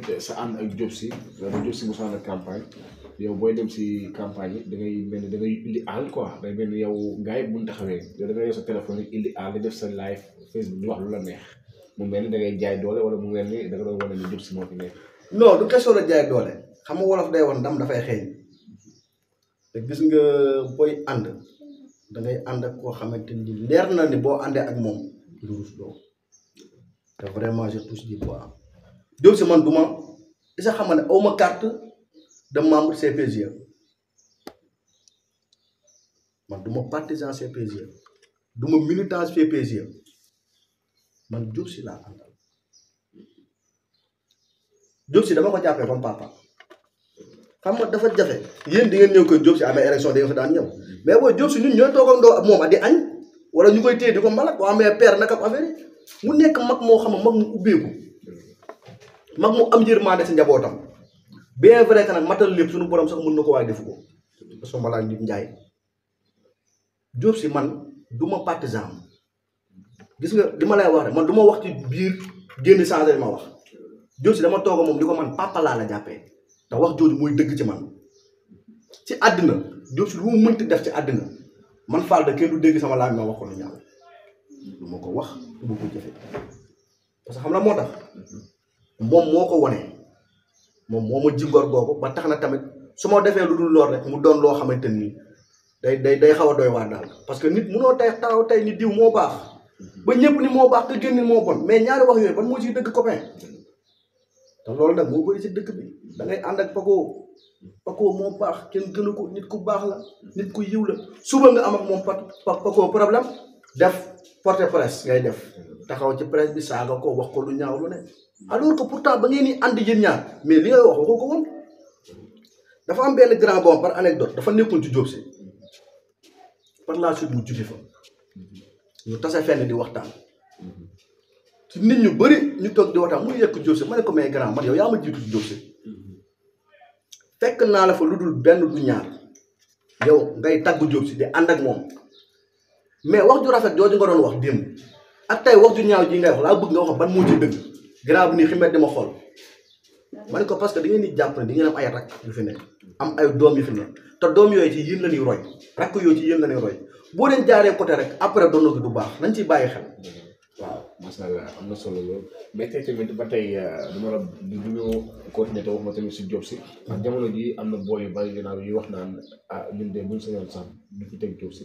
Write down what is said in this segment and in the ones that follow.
tamit sa ànd ak Diop Sy ba Diop ak campagne yow booy dem si campagne yi da ngay mel ni da indi àll quoi day mel ni yow gars yi bu ñu da ngay yor sa téléphone yi indi àll di def sa live Facebook lu la neex mu mel ni da ngay jaay doole wala mu mel ni da nga doon wane ni Diop Sy moo fi nekk. non du la jaay doole xam nga wolof day woon ndam dafay xeeñ te gis nga booy ànd dangay ngay ànd ak koo xamante ni leer na ni boo àndee ak moom lu rus doo te vraiment je touche du bois. Diop si man du ma sa xam nga ne aw ma carte de membre CPGE man du ma partisan CPGE du ma militant CPGE man Diop si laa àndal Diop si dama ko jàppee comme papa xam nga dafa jafe yéen di ngeen ñëw koy Diop si amee élection da ngeen daan ñëw mais booy Diop si ñun ñooy toogandoo ak moom a di añ wala ñu koy téye di ko mbalak waa mais père naka affaire mu nekk mag moo xam ne mag mu ubbeeku. mag mu am yërmande si njabootam bien vrai que nag matal lépp suñu borom sax mun na ko waaye defu ko soo ma laaj njaay Diop si man du ma partisan gis nga li ma lay wax rek man du ma wax ci biir génn changé li ma wax Diop si dama toog moom di ko man papa laa la jàppee te wax jooju muy dëgg ci man ci àddina Diop lu mu mënti def ci àddina man Fall da dégg sama laaj ma wax ko ma ko wax du ma ko jëfe parce que xam la moo tax. moom moo ko wone moom moo ma jigoor googu ba tax na tamit su ma defee lu dul lool rek mu doon loo xamante nii day day day xaw a doy waar daal parce que nit munoo tey taw tey ni diw moo baax ba ñëpp moo baax te moo bon mais ñaari wax yooyu ban moo ciy dëgg copain te loolu nag moo bëri ci dëkk bi da ànd ak Paco Paco moo baax kenn gënu ko nit ku baax la nit ku yiw la suba nga am ak moom Paco problème def porte presse ngay def taxaw ci presse bi saaga ko wax ko lu ñaaw lu ne alors que pourtant ba ngeen di ànd yéen ñaar mais li ngay wax waxoo ko woon dafa am benn grand bon par anecdote dafa nekkoon ci Diop si par la suite mu jóge fa ñu tase fenn di waxtaan ci nit ñu bari ñu toog di waxtaan muy yekk Diop si ma ne ko may grand man yow yaa ma jiitu ci Diop si fekk naa la fa lu dul benn du ñaar yow ngay tagg Diop si di ànd ak moom mais wax ju rafet jooju nga doon wax démb ak tey wax ju ñaaw ji ngay wax laa bëgg nga wax ban moo ci dëgg. garab nii ximet di ma xool ma ne ko parce que da ngeen di jàpp ne di ngeen am ay rakk yu fi nekk am ay doom yu fi nekk te doom yooyu ci la ñuy roy rakk yooyu ci la ñuy roy boo leen jaaree côté rek après doon na baax nañ ciy bàyyi xel. Mm-hmm. waaw macha allah am na solo loolu mais tey tamit ba tey euh, du ma la du ñu continuer te wax ma tamit si job si ak jamono ji am na booy yu bari ginnaaw yu wax naan ah ñun de buñ sañoon sax du fi teg job si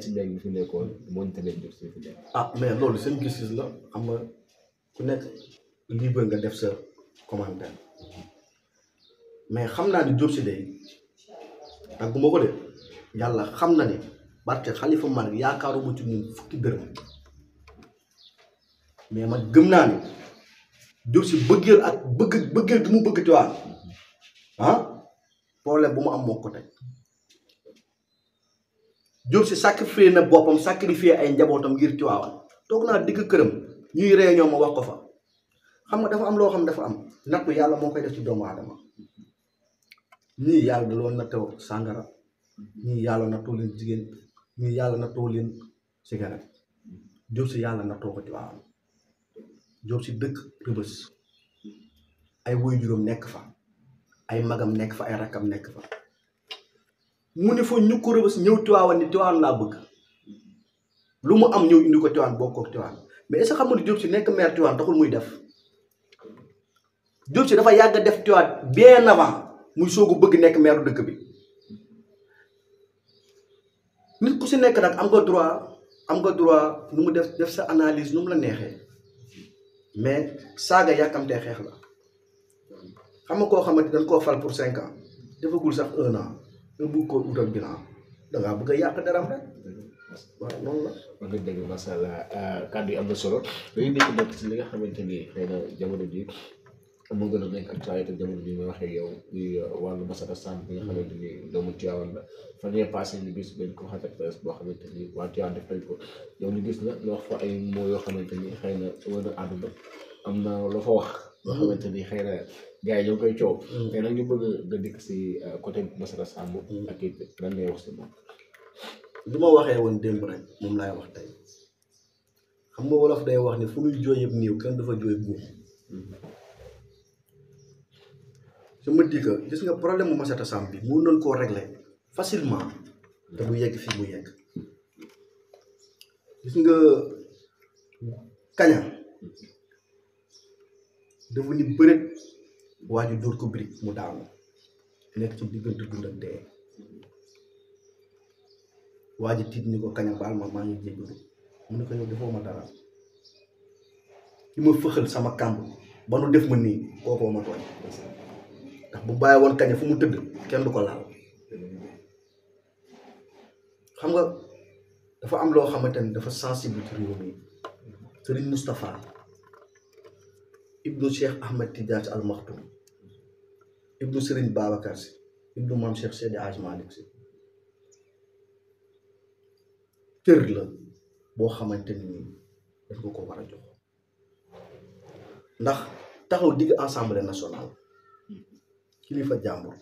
si mbéy mi fi nekkoon fi nekk. ah mais loolu seen gis-gis la am nga. ku nekk libre nga def sa commentaire mais xam naa ni Diop si day ak bu ma ko def yàlla xam na ni barke Xalifa Malick yaakaaruma ci moom fukki man gëm naa ni si bëggeel ak bëggeel du mu bëgg Tiwaawan ah problème bu mu am moo ko teg Diop si sacrifié na boppam sacrifié ay njabootam ngir Tiwaawan toog naa digg këram ñuy réunion ma wax ko fa xam nga dafa am loo xam dafa am napp yàlla moo koy def ci doomu aadama ñii yàlla da loon nattoo sàngara ñii yàlla na leen jigéen ñii yàlla na nattoo leen cigarette Diop si yàlla na ko ci waaw Diop si dëkk Rebeuss ay juróom nekk fa ay magam nekk fa ay rakkam nekk fa mu ne foo ñu ko Rebeuss ñëw Tiwaawan ni Tiwaawan laa bëgg lu mu am ñëw indi ko Tiwaawan bokkoo Tiwaawan mais sa ce que xam nga ni Diop si nekk maire Tivaouane taxul muy def Diop si dafa yàgg def Tivaouane bien avant muy soog a bëgg nekk maire dëkk bi nit ku si nekk nag am nga droit am nga droit nu mu def def sa analyse nu mu la neexee mais saaga yàkkamtee xeex la xam nga koo xamante dañ koo fal pour cinq ans defagul sax un an nga bëgg koo utal bilan da ngaa bëgg a yàq daram rek wax nga dëgg macha allah euh, kàddu yi am na solo dañuy nekk nag li nga xamante ni xëy na jamono ji moo gën a nekk actualité jamono ji waxee yow di euh, wàllu masata sàmm bi nga xamante ni doomu Tiwaawan la fan yee passé ñu gis boo xamante ni waa Tiwaawan def nañ ko yow ñu gis na loo wax fa ay mots yoo xamante ni xëy na wër na àdduna am na loo fa wax. loo xamante ni xëy na gars yi ñoo koy coow. Mm. te nag ñu bëgg nga dikk si euh, côté masata sàmm. ak it lan ngay wax si moom. li ma waxee woon démb rek moom laay wax tey xam nga wolof day wax ne fu ñuy jooy néew kenn dafa jooy buum je me dis gis nga problème mu Massata Samb bi mu doon koo régler facilement te du yegg fii mu yegg gis nga kaña dafa ni bëreet waa duur dóor ko birig mu daanu nekk ci diggante dund waa ji tiit ni ko kañ baal ma maa ngi jéggalu mu ne ko yow defoo ma dara ki ma fëxal sama kàmb ba nu def ma nii kookoo ma tooñ ndax bu bàyyi woon kaña fu mu tëdd kenn du ko laal xam nga dafa am loo xamante ni dafa sensible ci réew mi Sëriñ Moustapha ibnu Cheikh Ahmed Tidiane Al Maktoum ibnu Sëriñ Babacar Si ibnu Maam Cheikh Seydi Hadji Malick Si cër la boo xamante ni daf nga ko war a jox ndax taxaw digg assemblée nationale kilifa jàmbur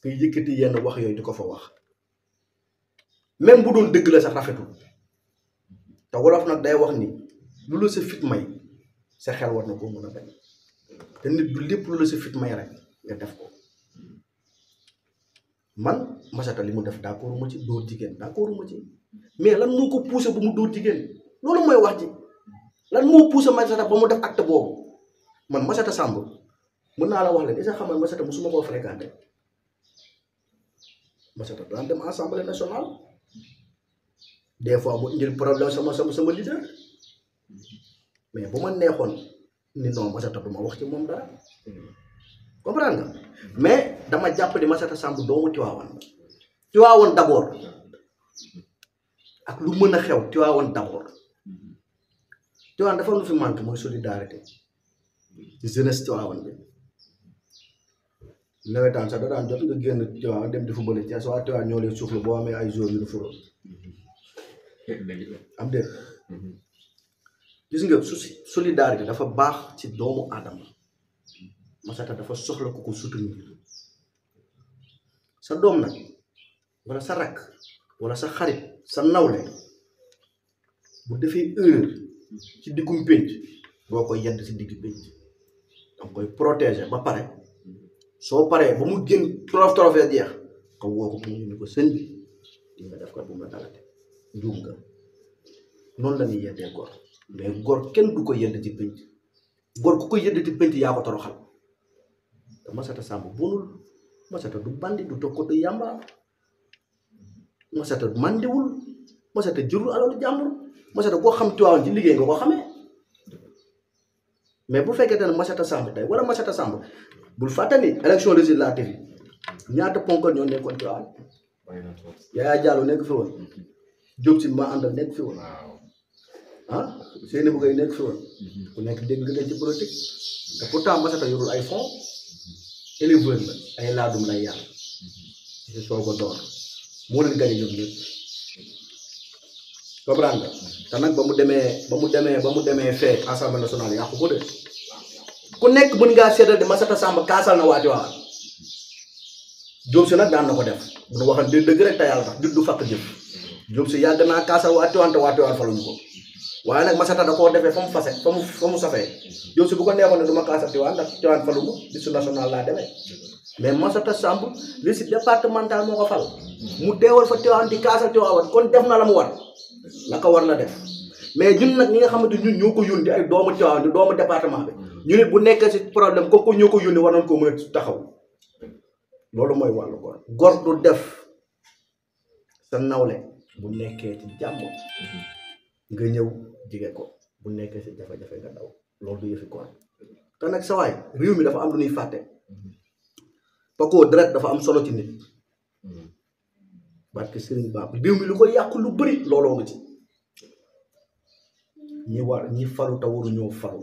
nga yëkkati yenn wax yooyu di ko fa wax même bu doon dëgg la sax rafetul te wolof nag day wax ni lu la sa fit may sa xel war na ko mën a bañ te nit du lépp lu la sa fit may rek nga def ko man Massata li mu def d'accord ma ci dóor jigéen d'accord ma ci mais lan moo ko poussé ba mu dóor jigéen loolu mooy wax ji lan moo poussé Massata ba mu def acte boobu man Massata Samb mën naa la wax leen isa xamal Massata musuma koo fréquenté Massata daan dem assemblée nationale des fois mu indil problème sama sama sama leader mais bu ma neexoon ni non Massata du wax ci moom dara comprendre nga mais dama jàpp li ma Massata Samb doomu Tiwaawoon Tiwaawoon d'abord ak lu mën a xew Tiwaawoon d'abord Tiwaawoon dafa am fi manque mooy solidarité jeunesse Tiwaawoon bi nawetaan sax da daan jot nga génn Tiwaawoon dem di football Thiès waa Tiwaawoon ñoo leen suufle boo amee ay jours yu nu furoon am dégg mm-hmm. gis nga su solidarité dafa baax ci doomu aadama Masata dafa soxla ku ko soutenir sa doom nag wala sa rakk wala sa xarit sa nawle bu defee erreur ci diggum pénc boo koy yedd ci diggu pénc danga koy protéger ba pare soo paree ba mu génn torof torofee jeex nga woo ko mu ñu ko sëñ bi di nga def ko bu nga dalate njuum nga noonu la ñuy yeddee góor mais góor kenn du ko yedd ci pénc góor ku ko yedd ci pénc yaa ko toroxal te Masata Samb bonul Masata du bandi du tokkatu yàmba Masata mandiwul Masata jurul alalu jàmbur Masata koo xam Tiwaawan ci liggéey nga ko xamee mais bu fekkee ne Masata Samb tey wala Masata Samb bul fàttali élection législative yi ñaata ponkal ñoo nekkoon Tiwaawan Yaya Diallo nekk fi woon mhm. Diop si ma àndal nekk fi woon ah Seynabou Gaye nekk fi woon mhm. ku nekk dégg nga ci politique te pourtant Masata yorul ay fonds éleveur la ay laadum lay yàlla mhm. ci soog a door moo leen gañe ñoom ñëpp comprendre mhm. te nag ba mu demee ba mu demee ba mu demee fee assemblée nationale yàqu ko de ku nekk mën ngaa seetal di Massata Samb kaasal na waa Tiwaawan Diop si nag daan na ko def bu nu waxal di dëgg rek te yàlla tax juddu fàq jëf Diop si yàgg naa kaasal waa Tiwaawan waa Tiwaawan faluñu ko waaye nag masata da koo defee fa mu fase fa mu fa mu safee yow si bu ko neexoon ne du ma kaasa Tiwaan ndax Tiwaan faluma liste mu teewal fa Tiwaan di kaasa Tiwaan kon def na la mu war la ko war na def mais ñun nag ñi nga xamante ñun ñoo ko yónni ay doomu Tiwaan di doomu département bi ñu nit bu nekkee si problème ko ko ñoo ko yónni war nañ koo mën a taxaw loolu mooy wàllu góor góor du def sa nawle bu nekkee ci jàmm nga ñëw jige ko bu nekkee si jafe-jafe nga daw loolu du yëfi koor sawaay réew mi dafa am lu ñuy fàtte pakoo deret dafa am solo ci nit barke sëriñ Ba mi lu ko yàqu lu bëri looloo nga ci ñi war ñi faru te waru ñoo faru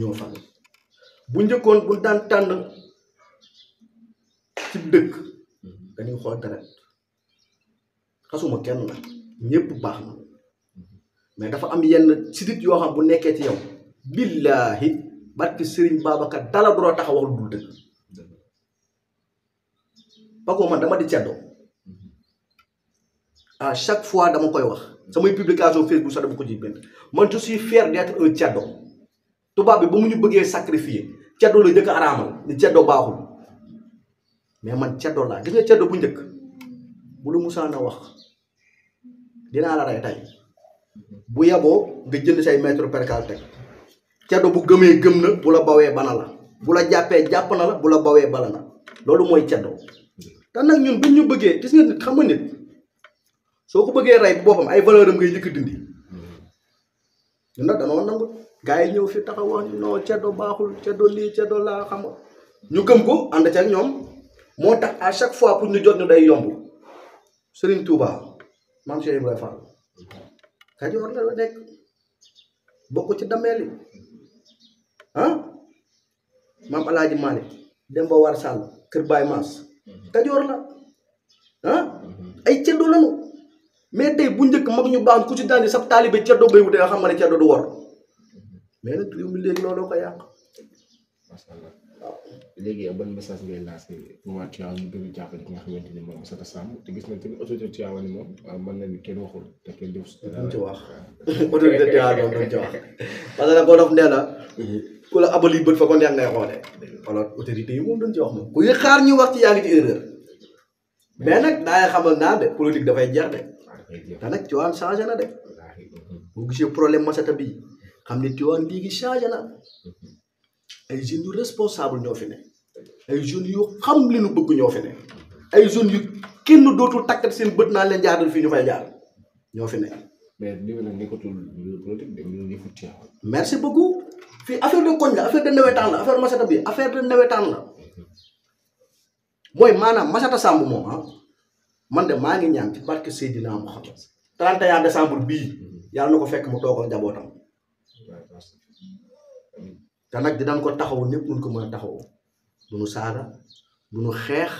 ñoo bu njëkkoon bu daan tànn ci dëkk dañuy xool deret xasuma kenn nag ñëpp baax na mais dafa am yenn sidit yoo xam bu nekkee ci yow billaahi barki sëriñ Babacar dala doo tax a wax lu dul dëgg Paco man dama di ceddoo à chaque fois dama koy wax samay publication Facebook sax dama ko ciy bind man je suis fier d'être ceddo tubaab bi ba mu ñu bëggee sacrifier ceddo la njëkk a araamal ni ceddo baaxul mais man ceddo laa gis nga ceddo bu njëkk bu lu musaan a wax dinaa la rey tey bu yaboo nga jënd say mètre percal teg ceddo bu gëmee gëm na bu la bawee bana la bu la jàppee jàpp na la bu la bawee bala na loolu mooy ceddo te nag ñun bu ñu bëggee gis nga nit xam nit soo ko bëggee rey boppam ay valeur am ngay njëkk dindi ñun nag danoo nangu gars yi ñëw fi taxaw wax ñu non ceddo baaxul ceddo lii ceddo laa xam ñu gëm ko ànd ci ak ñoom moo tax à chaque fois pour ñu jot ñu day yomb Serigne Touba maam Cheikh Ibrahima Fall Kajoor la nekk bokk ci dameel yi ah maam Alaaji Malick Demba War Sall Kër Baye Mass Kajoor la ah ay ceddo lañu mais tey bu njëkk mag ñu baax ku ci daani sab taalibe ceddo bay wute nga xam ne ceddo du wor mhm. mais nag réew mi léegi looloo ko yàq léegi ban message ngay lancé pour waa a ñu gën a jàppale ki nga xamante ni moom Sata Samb te gis na tamit autorité Tivaouane moom mën nañu kenn waxul te kenn du ci wax autorité Tivaouane moom duñ ci wax parce que nag na ku la abali bët fa ko neex ngay xoolee alors yi moom duñ ci wax moom ku xaar ñu wax ci yaa ngi ci erreur mais nag daay xamal naa de politique dafay jeex de te nag Tivaouane changé na de bu gisee problème Masata bii xam ne Tivaouane léegi changé na ay jeunes yu responsable ñoo fi ne ay jeunes yu xam li nu bëgg ñoo fi ne ay jeunes yu kenn dootul takkat seen bët naa leen jaaral fii ñu fay jaar ñoo fi ne. mais lii nag nekkatul politique dañu merci beaucoup fi affaire de koñ la affaire de nawetaan la affaire masata bi affaire de nawetaan la mooy maanaam masata sàmb moom ah, man de maa ngi ñaan ci barke Seydina Muhammad 31 décembre bii yàlla na ko fekk mu toogal njabootam. te nag dinañ ko taxaw ñëpp mun ko mën a taxaw du nu saaga du nu xeex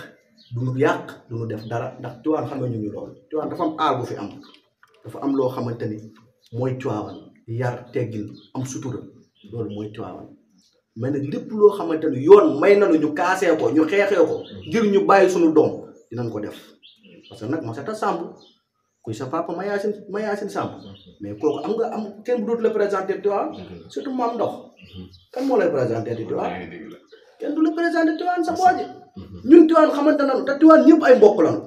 du nu yàq du nu def dara ndax Tiwaawan xam nga ñu ñu lool Tiwaawan dafa am aar bu fi am dafa am loo xamante ni mooy Tiwaawan yar teggin am sutura loolu mooy Tiwaawan mais nag lépp loo xamante ni yoon may nañu ñu kaasee ko ñu xeexee ko ngir ñu bàyyi suñu doom dinañ ko def parce que nag Massata Samb kuy sa papa ma Yacine ma Yacine Samb mais kooku am nga am kenn dootu la présenté Tivaouane surtout maam ndox kan moo lay présenté di kenn du la présenté Tivaouane sa booji ñun Tivaouane xamante nañu te Tivaouane ñëpp ay mbokk lañu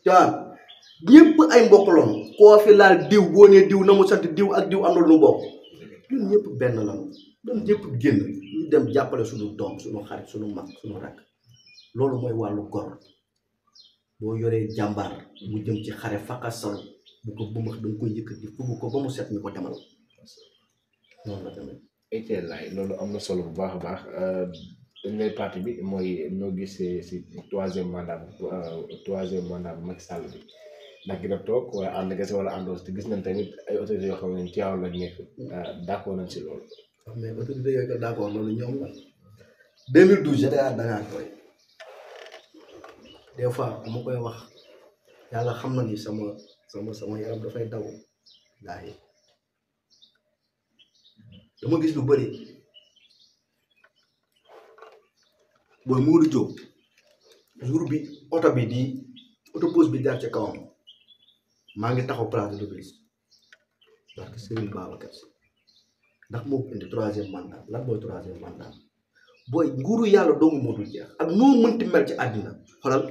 Tivaouane ñëpp ay mbokk lañu koo fi diw boo nee diw na mu sant diw ak diw am na lu mu bokk ñun ñëpp benn lañu ñun ñëpp génn ñu dem jàppale suñu doom suñu xarit suñu mag suñu rakk loolu mooy wàllu gor boo yoree jàmbar mu jëm ci xare faqasal bu ko bumax da nga koy yëkkati fubu ko ba mu set ñu ko demal noonu la demee Etienne Laye loolu am na solo bu baax a baax premier euh, parti bi mooy noo gisee si troisième mandat euh, troisième mandat bu Macky Sall bi ndax gi daf toog wala ànd kese wala àndoos te gis nañ tamit ay autorités yoo xam ne Tivaouane lañ nekk euh, d'accord nañ si loolu mais autorités yooyu ko d'accord loolu koy des fois bu koy wax yàlla xam na ni sama sama sama yaram dafay daw laaye dama gis lu bëri booy Mourou Diop jour bi oto bi di oto bi jaar ci kawam maa ngi taxaw place de l'Obélisque parce que Serigne Babacar Sy ndax moo indi troisième mandat lan mooy troisième mandat booy nguuru yàlla doomu moo dul ak noo mënti mel ci àddina xolal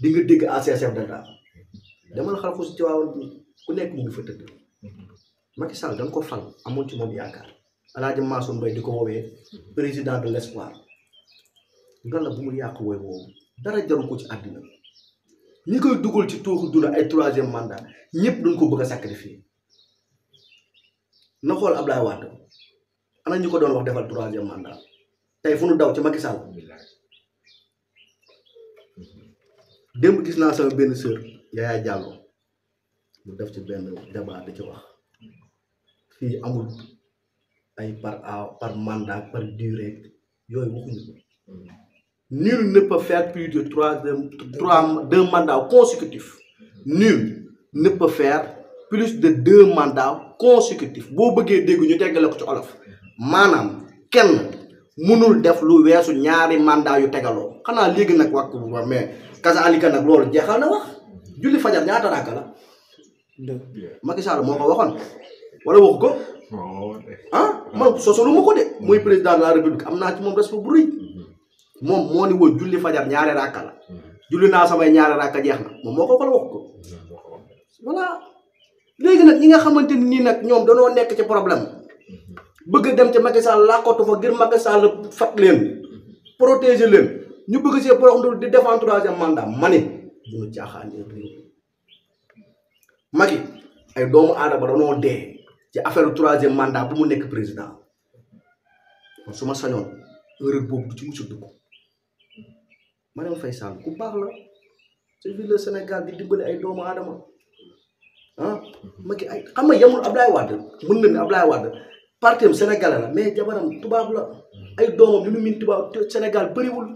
di nga a ACSF Dakar demal xal xusi Tiwaawan ku nekk mu ngi fa tëdd Macky Sall ko fal amoon ci moom yaakaar Alaaji Mansour Mbaye di ko woowee président de l'espoir nga la bu mu yàq wooy woowu dara jaru ko ci àddina ñi koy dugal ci tuuxu duna ay troisième mandat ñëpp duñ ko bëgg a sacrifier na xool Ablaye Wade ana ñu ko doon wax defal troisième mandat tey fu nu daw ci Macky Sall démb gis naa sama benn sœur Yaya Diallo mu def ci benn débat da ci wax fii amul ay par par mandat par durée yooyu waxuñu ko nul ne peut plus de deux mandats consécutifs nul ne peut plus de deux mandats consécutifs boo bëggee dégg ñu teggale ko ci olof maanaam kenn mënul def lu weesu ñaari mandat yu tegaloo xanaa léegi nag wàkk bu ba mais kasa alika nag loolu jeexal na wax julli fajar ñaata raaka la Macky moo ko waxoon wala waxu ko ah man soosolu ma ko mm-hmm. président de am naa ci moom respect bu mm-hmm. moom moo julli fajar ñaari raaka la mm-hmm. naa samay ñaari raaka jeex na moom moo ko wala wax léegi nag ñi nga xamante ni nii nag ñoom danoo nekk ci problème bëgg a dem ca Macky Sall làkkatu fa ngir Macky Sall fat ñu bëgg see poroxndul di défendre troisième mandat ma ne duñu caaxaan Macky ay doomu aadama danoo dee ci affaire troisième mandat bu mu nekk président kon su ma sañoon erreur bu du ci musu dugg Marième Faye Sall ku baax la ci ville le Sénégal di dimbali ay doomu aadama ah Macky ay xam nga yemul Abdoulaye Wade mën na ne Abdoulaye Wade parti am sénégalais la mais jabaram tubaab la ay doomam li mu miin tubaab Sénégal bëriwul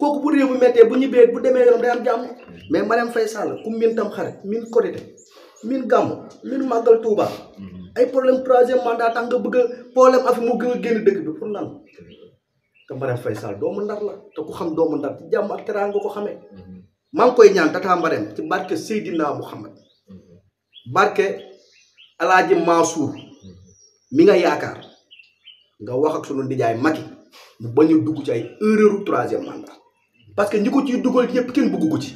kooku bu réew mi bu ñibbee bu demee yoonam day am jàmm mais Marième Faye Sall ku miin tam xarit miin korite gàmm miin màggal Touba ay problème troisième mandat tax bëgg a mu gën a génn dëkk bi pour lan te Marième ndar la te ku xam doomu ndar ci jàmm ak teranga nga ko xamee maa ngi koy ñaan tata Marième ci barke Seydina Mouhamad barke Alaaji Mansour mi nga yaakaar nga wax ak sunu ndijaay Macky mu bañ a dugg ci ay erreur troisième mandat parce que ñu ko ciy dugal yëpp kenn bëggu ko ci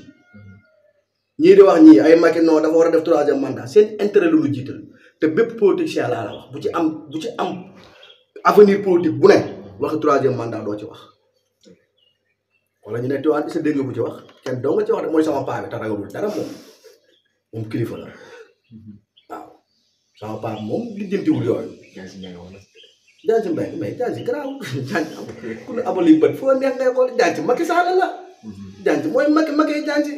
ñii di wax ñii ay Macky non dafa war a def troisième mandat seen intérêt lu jiital te bépp politicien laa bu ci am bu ci am avenir politique bu ne wax troisième mandat doo ci wax. wala ñu ne Tivaouane Issa bu ci wax kenn doo nga ci wax rek mooy sama paa bi te ragalul dara moom moom kilifa la waaw sama paa moom li jëntiwul yooyu. jaasi mbay woon na. jaasi mbay mais jaasi garaaw jaasi amul ku ne amul yu bët foo neex ngay xool jaasi Macky Sall la. Mhm. jaasi mooy Macky Macky jaasi.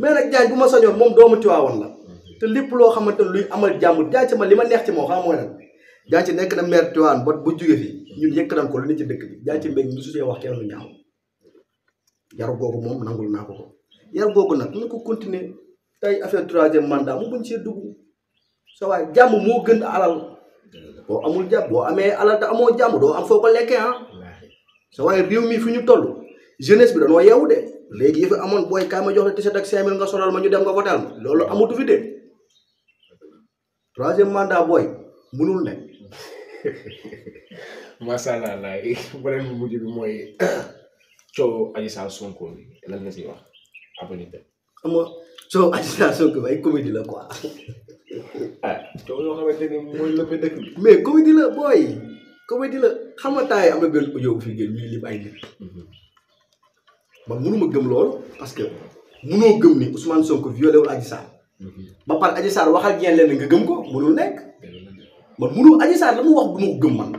mais nag bu ma soñoon moom doomu Tiwaawan la. Mhm. te lépp loo xamante luy amal jàmm jaasi ma li ma neex ci moom xam mooy lan. jaasi nekk na maire Tiwaawan ba bu jóge fi ñun yëkk nañ ko lu ne ci dëkk bi jaasi mbay mi su see wax kenn lu ñaaw. yar googu moom nangul naa ko ko yar googu nag na ko continuer tey affaire troisième mandaa mu buñ see dugg. sa waay jàmm moo gën alal boo amul jàmm boo amee alal te amoo jàmm doo am foo lekkee ah sa waay réew mi fi ñu toll jeunesse bi dañoo yeewu de léegi amoon booy kaay jox la t-shirt ak 5000 nga solal ma ñu dem nga votal ma loolu amatu fi de troisième mandat booy munul ne. macha allah laay problème bu mujj bi mooy coow Adji Sarr Sonko bi lan nga siy la quoi. Ah, mais comédie la booy comédie la xam yi am na benn audio bu fi génn ñuy lim ay nit. Mhm. man mënuma gëm loolu parce que mënoo gëm ni Ousmane Sonko violé wul Adji mhm. ba pare Adji waxal ñeen leen nga gëm ko mënul nekk. man mënul Adji Sarr la mu wax du gëm man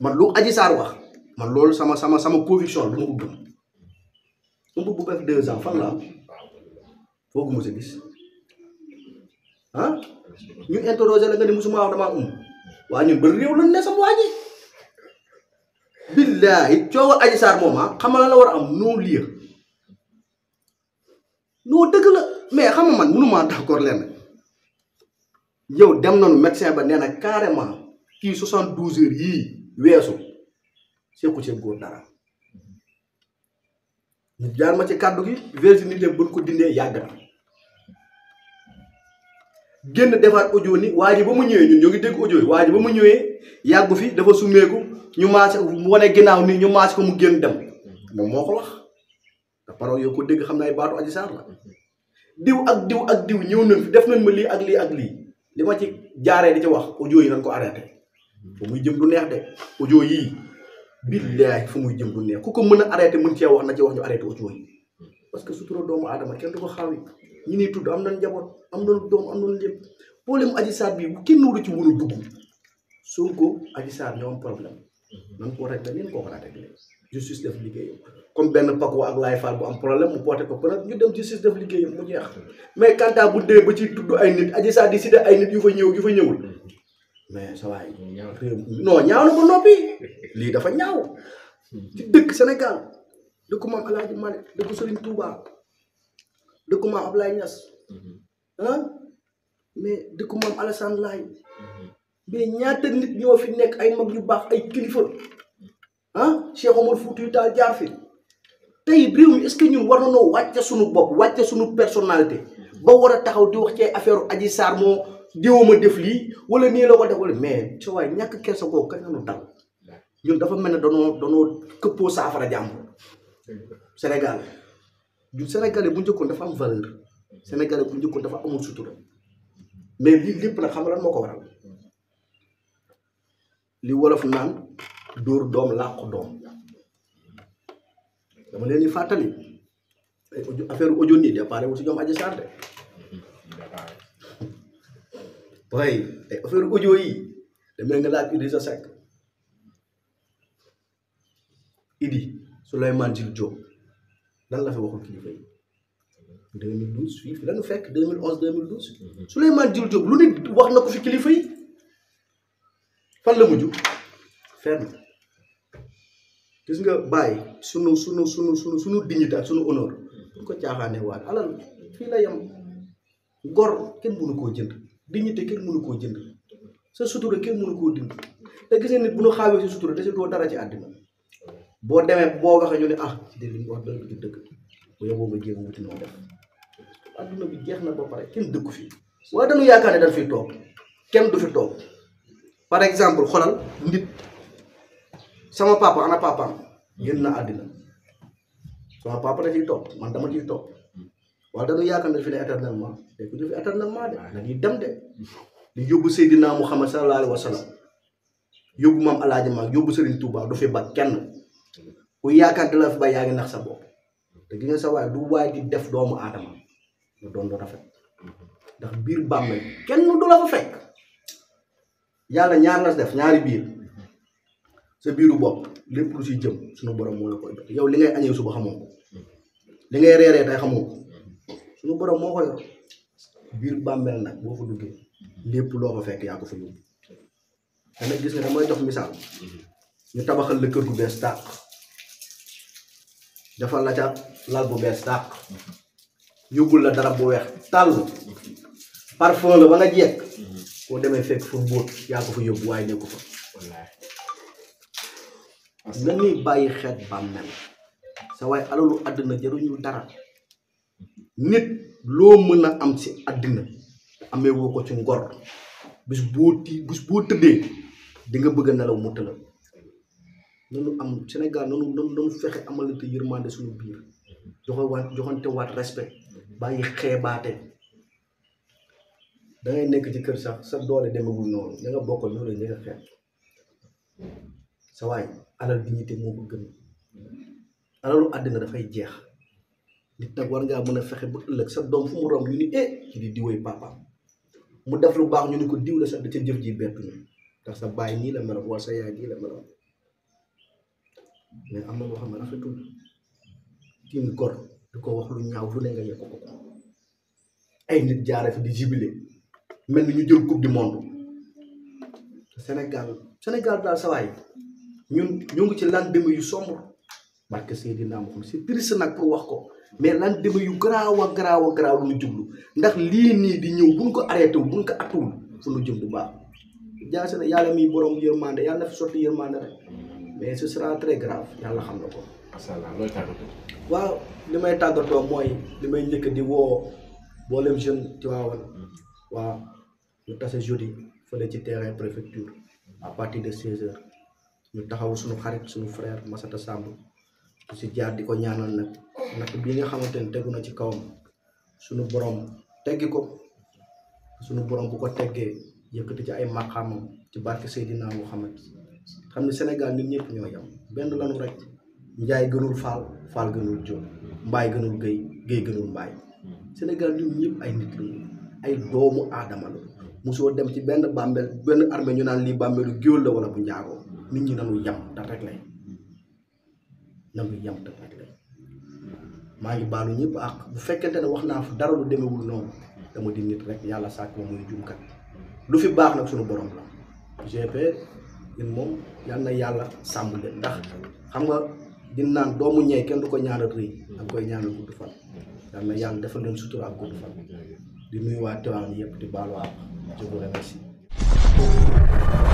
man lu Adji wax man loolu sama sama sama conviction la ma ko mu bëgg bu def deux ans fan la foo ko mos a ah ñu interroger la nga ne musuma wax damaa um waa ñun ba réew lan ne sama waa ji billaahi coowal Adji Sarr moom ah xamal la war a am non lieu non dëgg la mais xam nga man mënumaa d'accord lenn yow dem nañu médecin ba nee na carrément kii soixante douze heures yii weesu seeku see góor dara ñu jaar ma ci kàddu gi virginité buñ ko dindee yàgg na génn defaat audio ni waa ji ba mu ñëwee ñun ñoo ngi dégg audio yi waa ji ba mu ñëwee yàggu fi dafa summeeku ñu maase mu wane ginnaaw nii ñu maase ko mu génn dem moom moo ko wax te parole yoo ko dégg xam naa baatu Adji Sarr la diw ak diw ak diw ñëw nañ fi def nañ ma lii ak lii ak lii li ma ci jaaree di ci wax audio yi nañ ko arrêté fu muy jëm du neex de audio yii billaay fu muy jëm du neex ku ko mën a arrêté mën cee wax na ci wax ñu arrêté audio yi parce que doomu aadama kenn du ko ñu ni tudd am na njaboot am nañ doom am nañ lépp problème Adji Sarr bi bu kenn waru ci mën a dugg Sonko Adji Sarr ñoo am problème mhm. nan ko rek dañu ko a réglé def liggéeyam comme benn Paco ak Laye Fall bu am problème mu porté ko peut ñu dem justice def liggéeyam mu jeex mais quant bu dee ba ci tudd ay nit Adji Sarr di si ay nit yu fa ñëw yu fa ñëwul mais sa waay non ñaaw na ba noppi lii dafa ñaaw mhm. ci dëkk Sénégal dëkku maam Alaaji Malick dëkku Serigne tuubaa dëkku maam Ablaye Niass. ah mais dëkku maam Alassane Laye. Mhm. mais ñaata nit ñoo fi nekk ay mag yu baax ay kilifa ah Cheikh Omar Foutiyou Tall jaar fi tey réew mi est-ce que ñun war nañoo wàcce suñu bopp wàcce suñu personnalité ba war a taxaw di wax ci affaire Adji Sarr moo diwuma def lii wala nii la ko def mais sa ñàkk kerse googu ka la dal ñun dafa mën a danoo danoo këppoo saafara jàmm Sénégal. ju sénégalais bu njëkkoon dafa am valeur sénégalais bu njëkkoon dafa amul sutura mais lii lépp nag xam nga lan moo ko waral li wolof naan dóor doom làqu doom dama leen di fàttali ay audio affaire audio nii déparé wu si ñoom Adji Sarr de waaye ay laaj Idrissa Seck Idi Souleymane Jules Diop lan la fi waxoon kilifa yi 2012 fii fi la ñu fekk mil 2011 2012 Souleymane Jules Diop lu nit wax na ko fi kilifa yi fan la mujj fenn gis nga bàyyi sunu sunu sunu sunu sunu dignité ak sunu honneur duñ ko caaxaanee waat alal fii la yem gor kenn mënu koo jënd dignité kenn mënu koo jënd sa sutura kenn munu koo dind te gis nga nit bu ñu xaawee sa sutura dese doo dara ci àddina boo demee boo waxee ñu ne ah ci dégg li mu wax dëgg du dëgg bu yóbboo nga jéem a wuti bi jeex na ba pare kenn dëkku fi waaye dañu yaakaar ne dañ fiy toog kenn du fi toog par exemple xolal nit sama papa ana papaam génn na àddina sama papa da ciy toog man dama ciy toog waaye dañu yaakaar ne fi ne éternellement te ku ñu fi éternellement de ah, dañuy dem de di yóbbu Seydina Muhammad sallallahu alayhi wa sallam yóbbu maam Alaaji maa yóbbu Serigne Touba du fi ba kenn ku yaakaar dina fi ba yaa ngi nax sa bopp te gis nga sa waay du waay di def doomu aadama na doon lu rafet ndax biir bàmmeel kenn du la fa fekk yàlla ñaar def ñaari biir sa biiru bopp lépp lu si jëm suñu borom moo la koy yow li ngay añee suba xamoo ko ngay reeree tey xamoo ko suñu borom moo ko nag boo fa duggee lépp loo fekk yaa ko fa yóbbu te nag gis nga damay jox misaal ñu tabaxal la kër gu bees tàq defal la ca lal bu bees tàq yóbbul la dara bu weex tàll parfum la ba nga jekk boo demee fekk fa mbóot yaa ko fa yóbbu waaye nekku fa na ñuy bàyyi xeet bàmmeel sa waaye alalu àddina jaruñu dara nit loo mën a am si àddina amee woo ko ci ngor bis boo ti bis boo tëddee di nga bëgg a nelaw mu tëla nanu am Sénégal nanu nanu nanu fexe amalante yërmande suñu biir joxe waat joxante waat respect bàyyi xeebaate da ngay nekk ci kër sax sa doole demagul noonu ña nga bokkal bi ñite moo ko gën àddina dafay jeex nit nag war ngaa mën fexe ba ëllëg sa doom fu mu romb ñu ni eh ci di diwee papa mu def lu baax ñu ni ko diw la sax da ca jëf ji bettuñu ndax sa baay nii la meloon wala sa yaay nii la meloon mais am na loo xam ne rafetul tiim gor di ko wax lu ñaaw lu ne nga ko ko ay nit jaare fi di jubilé mel ni ñu jël coupe du monde Sénégal Sénégal daal sawaay ñun ñu ngi ci lendemain yu sombre barke Seydina Muhammad c'est triste nag pour wax ko mais lendemain yu garaaw a garaaw a ñu jublu ndax lii nii di ñëw buñ ko arrêté wu buñ ko attuwul fu ñu jëm bu baax jaase na yàlla miy borom yërmande yàlla fi sotti yërmande rek mais ce sera très grave yàlla xam na ko. macha waaw li may tàggatoo mooy li may di woo mboolem jeune Tivaouane hmm. waaw ñu tase jeudi fële ci terrain préfecture à partir de 16 ñu taxaw suñu xarit suñu frère Massata Samb di si jaar di ko ñaanal nag nag bii nga xamante ne tegu na ci kawam suñu borom teggi ko sunu borom ku ko teggee yëkkati ci ay maqaamam ci barke Seydina Muhammad xam ne Sénégal ñun ñëpp ñoo yem benn lanu rek njaay gënul faal faal gënul jóob mbaay gënul géy géey gënul mbaay Sénégal ñun ñëpp ay nit lañu ay doomu aadama la mosoo dem ci benn bàmbeel benn armée ñu naan lii bàmbeelu géwél la wala bu njaagoo nit ñi nanu yem te rek lay nanu yem te maa ngi baalu ñëpp ak bu fekkente ne wax naa fa dara lu demewul noonu dama di nit rek yàlla sàkk ma muy jumkat lu fi baax nag suñu borom la GP ñun moom yal na yàlla sàmm leen ndax xam nga din naan doomu ñee kenn du ko ñaanal rëy da koy ñaanal gudd fan yal na yàlla defal leen sutura ak gudd fan di nuyu waa Tiwaawan yëpp di baalu àq je vous remercie